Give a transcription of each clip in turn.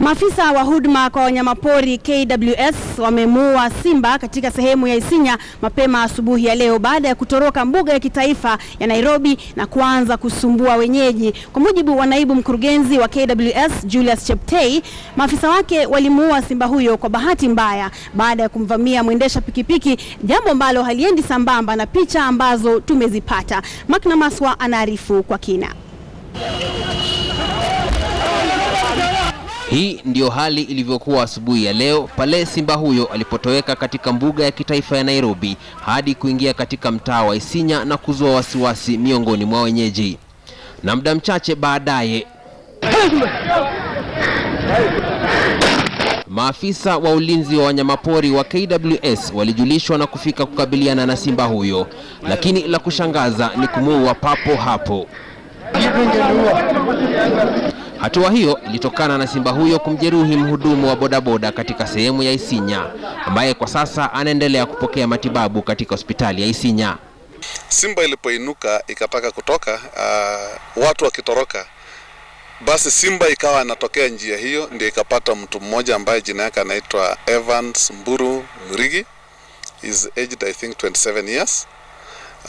Maafisa wa huduma kwa wanyamapori KWS wamemuua simba katika sehemu ya Isinya mapema asubuhi ya leo baada ya kutoroka mbuga ya kitaifa ya Nairobi na kuanza kusumbua wenyeji. Kwa mujibu wa naibu mkurugenzi wa KWS Julius Cheptei, maafisa wake walimuua simba huyo kwa bahati mbaya baada ya kumvamia mwendesha pikipiki, jambo ambalo haliendi sambamba na picha ambazo tumezipata. Makna anaarifu kwa kina. Hii ndiyo hali ilivyokuwa asubuhi ya leo pale simba huyo alipotoweka katika mbuga ya kitaifa ya Nairobi hadi kuingia katika mtaa wa Isinya na kuzua wasiwasi miongoni mwa wenyeji. Na muda mchache baadaye maafisa wa ulinzi wa wanyamapori wa KWS walijulishwa na kufika kukabiliana na simba huyo, lakini la kushangaza ni kumuua papo hapo. Hatua hiyo ilitokana na simba huyo kumjeruhi mhudumu wa bodaboda katika sehemu ya Isinya ambaye kwa sasa anaendelea kupokea matibabu katika hospitali ya Isinya. Simba ilipoinuka ikataka kutoka, uh, watu wakitoroka, basi simba ikawa anatokea njia hiyo, ndio ikapata mtu mmoja ambaye jina yake anaitwa Evans Mburu Murigi is aged I think 27 years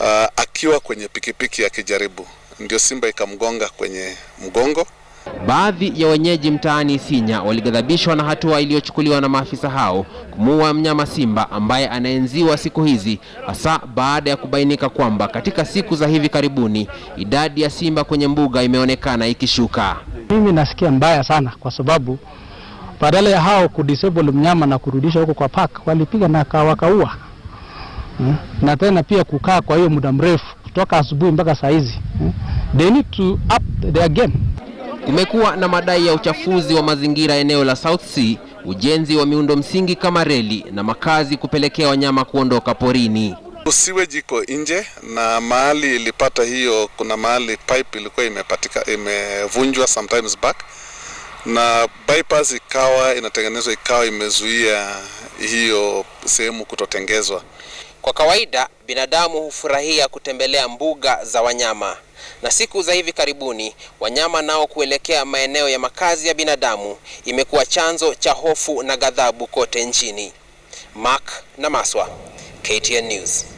uh, akiwa kwenye pikipiki akijaribu, ndio simba ikamgonga kwenye mgongo. Baadhi ya wenyeji mtaani Isinya walighadhabishwa na hatua iliyochukuliwa na maafisa hao kumuua mnyama simba ambaye anaenziwa siku hizi, hasa baada ya kubainika kwamba katika siku za hivi karibuni idadi ya simba kwenye mbuga imeonekana ikishuka. Mimi nasikia mbaya sana kwa sababu badala ya hao kudisable mnyama na kurudisha huko kwa park, walipiga na kawakaua hmm? na tena pia kukaa kwa hiyo muda mrefu kutoka asubuhi mpaka saa hizi. Hmm? They need to up their game. Kumekuwa na madai ya uchafuzi wa mazingira eneo la South Sea, ujenzi wa miundo msingi kama reli na makazi kupelekea wanyama kuondoka porini. Usiwe jiko nje na mahali ilipata hiyo, kuna mahali pipe ilikuwa imepatika imevunjwa sometimes back na bypass ikawa inatengenezwa ikawa imezuia hiyo sehemu kutotengezwa. Kwa kawaida binadamu hufurahia kutembelea mbuga za wanyama, na siku za hivi karibuni wanyama nao kuelekea maeneo ya makazi ya binadamu imekuwa chanzo cha hofu na ghadhabu kote nchini. Mark na Maswa, KTN News.